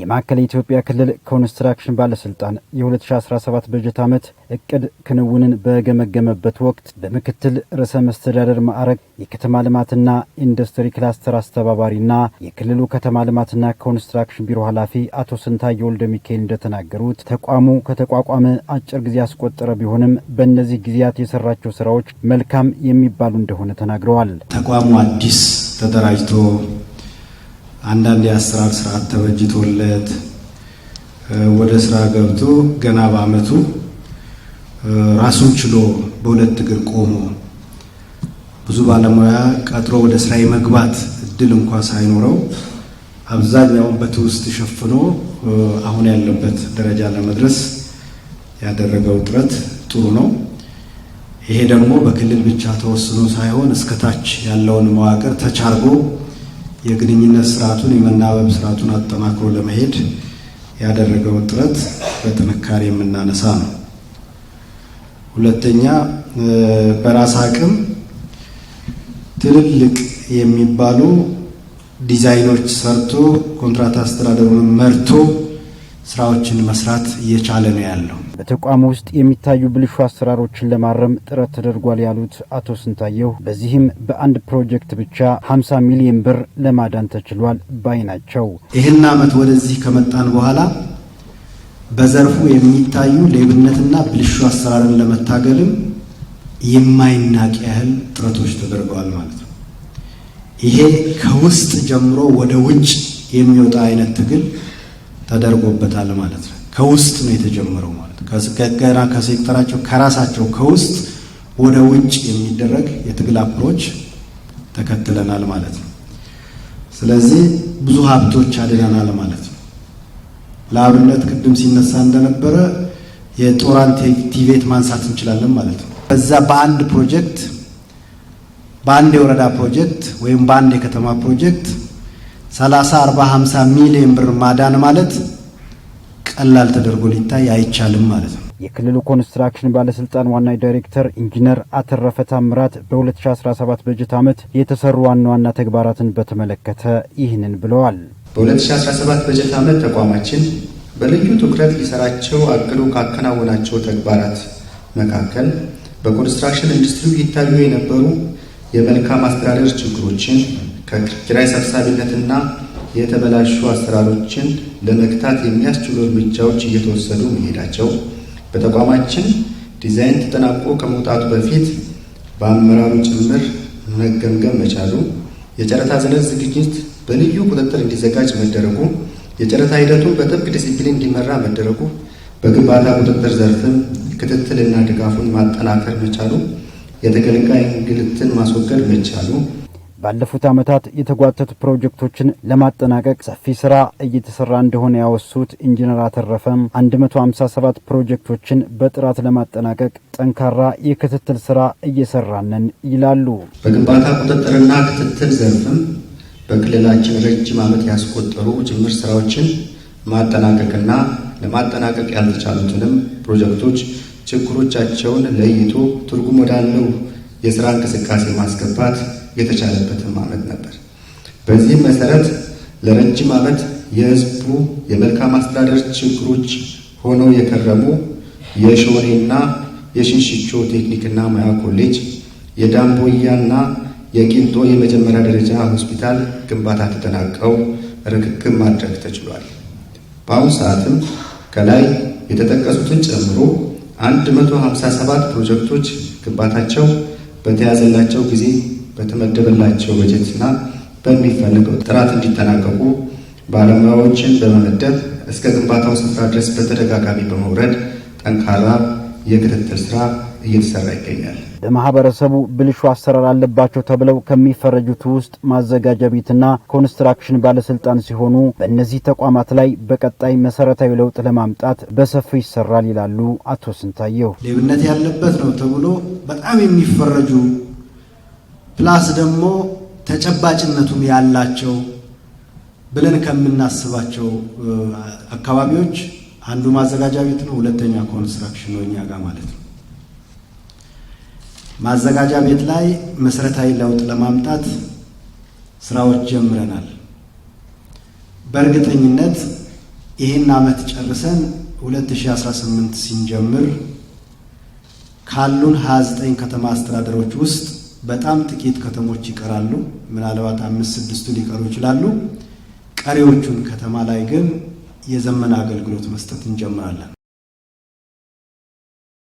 የማዕከላዊ ኢትዮጵያ ክልል ኮንስትራክሽን ባለስልጣን የ2017 በጀት ዓመት እቅድ ክንውንን በገመገመበት ወቅት በምክትል ርዕሰ መስተዳደር ማዕረግ የከተማ ልማትና ኢንዱስትሪ ክላስተር አስተባባሪና የክልሉ ከተማ ልማትና ኮንስትራክሽን ቢሮ ኃላፊ አቶ ስንታየ ወልደ ሚካኤል እንደተናገሩት ተቋሙ ከተቋቋመ አጭር ጊዜ ያስቆጠረ ቢሆንም በእነዚህ ጊዜያት የሰራቸው ስራዎች መልካም የሚባሉ እንደሆነ ተናግረዋል። ተቋሙ አዲስ ተደራጅቶ አንዳንድ የአሰራር ስርዓት ተበጅቶለት ወደ ስራ ገብቶ ገና በአመቱ ራሱን ችሎ በሁለት እግር ቆሞ ብዙ ባለሙያ ቀጥሮ ወደ ስራ የመግባት እድል እንኳ ሳይኖረው አብዛኛውን በትውስጥ ሸፍኖ አሁን ያለበት ደረጃ ለመድረስ ያደረገው ጥረት ጥሩ ነው። ይሄ ደግሞ በክልል ብቻ ተወስኖ ሳይሆን እስከታች ያለውን መዋቅር ተቻርጎ የግንኙነት ስርዓቱን የመናበብ ስርዓቱን አጠናክሮ ለመሄድ ያደረገው ጥረት በጥንካሬ የምናነሳ ነው። ሁለተኛ በራስ አቅም ትልልቅ የሚባሉ ዲዛይኖች ሰርቶ ኮንትራት አስተዳደሩን መርቶ ስራዎችን መስራት እየቻለ ነው ያለው። በተቋም ውስጥ የሚታዩ ብልሹ አሰራሮችን ለማረም ጥረት ተደርጓል ያሉት አቶ ስንታየሁ በዚህም በአንድ ፕሮጀክት ብቻ 50 ሚሊዮን ብር ለማዳን ተችሏል ባይ ናቸው። ይህን ዓመት ወደዚህ ከመጣን በኋላ በዘርፉ የሚታዩ ሌብነትና ብልሹ አሰራርን ለመታገልም የማይናቅ ያህል ጥረቶች ተደርገዋል ማለት ነው። ይሄ ከውስጥ ጀምሮ ወደ ውጭ የሚወጣ አይነት ትግል ተደርጎበታል ማለት ነው። ከውስጥ ነው የተጀመረው ማለት ነው። ከሴክተራቸው ከራሳቸው ከውስጥ ወደ ውጭ የሚደረግ የትግል አፕሮች ተከትለናል ማለት ነው። ስለዚህ ብዙ ሀብቶች አድነናል ማለት ነው። ለአብነት ቅድም ሲነሳ እንደነበረ የጦራን ቲቤት ማንሳት እንችላለን ማለት ነው። በዛ በአንድ ፕሮጀክት በአንድ የወረዳ ፕሮጀክት ወይም በአንድ የከተማ ፕሮጀክት 30 40 50 ሚሊዮን ብር ማዳን ማለት ቀላል ተደርጎ ሊታይ አይቻልም ማለት ነው። የክልሉ ኮንስትራክሽን ባለስልጣን ዋና ዳይሬክተር ኢንጂነር አተረፈ ታምራት በ2017 በጀት ዓመት የተሰሩ ዋና ዋና ተግባራትን በተመለከተ ይህንን ብለዋል። በ2017 በጀት ዓመት ተቋማችን በልዩ ትኩረት ሊሰራቸው አቅዶ ካከናወናቸው ተግባራት መካከል በኮንስትራክሽን ኢንዱስትሪው ይታዩ የነበሩ የመልካም አስተዳደር ችግሮችን ከኪራይ ሰብሳቢነትና የተበላሹ አሰራሮችን ለመግታት የሚያስችሉ እርምጃዎች እየተወሰዱ መሄዳቸው፣ በተቋማችን ዲዛይን ተጠናቆ ከመውጣቱ በፊት በአመራሩ ጭምር መገምገም መቻሉ፣ የጨረታ ሰነድ ዝግጅት በልዩ ቁጥጥር እንዲዘጋጅ መደረጉ፣ የጨረታ ሂደቱን በጥብቅ ዲሲፕሊን እንዲመራ መደረጉ፣ በግንባታ ቁጥጥር ዘርፍም ክትትልና ድጋፉን ማጠናከር መቻሉ፣ የተገልጋይ እንግልትን ማስወገድ መቻሉ ባለፉት ዓመታት የተጓተቱ ፕሮጀክቶችን ለማጠናቀቅ ሰፊ ስራ እየተሰራ እንደሆነ ያወሱት ኢንጂነር አተረፈም 157 ፕሮጀክቶችን በጥራት ለማጠናቀቅ ጠንካራ የክትትል ስራ እየሰራንን ይላሉ። በግንባታ ቁጥጥርና ክትትል ዘርፍም በክልላችን ረጅም ዓመት ያስቆጠሩ ጅምር ስራዎችን ማጠናቀቅና ለማጠናቀቅ ያልተቻሉትንም ፕሮጀክቶች ችግሮቻቸውን ለይቶ ትርጉም ወዳለው የስራ እንቅስቃሴ ማስገባት የተቻለበትም ዓመት ነበር። በዚህም መሰረት ለረጅም ዓመት የህዝቡ የመልካም አስተዳደር ችግሮች ሆነው የከረሙ የሾኔና የሽንሽቾ ቴክኒክና ሙያ ኮሌጅ፣ የዳምቦያና የቂንጦ የመጀመሪያ ደረጃ ሆስፒታል ግንባታ ተጠናቀው ርክክብ ማድረግ ተችሏል። በአሁኑ ሰዓትም ከላይ የተጠቀሱትን ጨምሮ 157 ፕሮጀክቶች ግንባታቸው በተያዘላቸው ጊዜ በተመደበላቸው በጀትና በሚፈልገው ጥራት እንዲጠናቀቁ ባለሙያዎችን በመመደብ እስከ ግንባታው ስፍራ ድረስ በተደጋጋሚ በመውረድ ጠንካራ የክትትል ስራ እየተሰራ ይገኛል። ለማህበረሰቡ ብልሹ አሰራር አለባቸው ተብለው ከሚፈረጁት ውስጥ ማዘጋጃ ቤትና ኮንስትራክሽን ባለስልጣን ሲሆኑ በእነዚህ ተቋማት ላይ በቀጣይ መሰረታዊ ለውጥ ለማምጣት በሰፊው ይሰራል ይላሉ አቶ ስንታየው። ሌብነት ያለበት ነው ተብሎ በጣም የሚፈረጁ ፕላስ ደግሞ ተጨባጭነቱም ያላቸው ብለን ከምናስባቸው አካባቢዎች አንዱ ማዘጋጃ ቤት ነው። ሁለተኛ ኮንስትራክሽን ነው እኛ ጋር ማለት ነው። ማዘጋጃ ቤት ላይ መሰረታዊ ለውጥ ለማምጣት ስራዎች ጀምረናል። በእርግጠኝነት ይህን አመት ጨርሰን 2018 ሲንጀምር ካሉን 29 ከተማ አስተዳደሮች ውስጥ በጣም ጥቂት ከተሞች ይቀራሉ። ምናልባት አምስት ስድስቱ ሊቀሩ ይችላሉ። ቀሪዎቹን ከተማ ላይ ግን የዘመነ አገልግሎት መስጠት እንጀምራለን።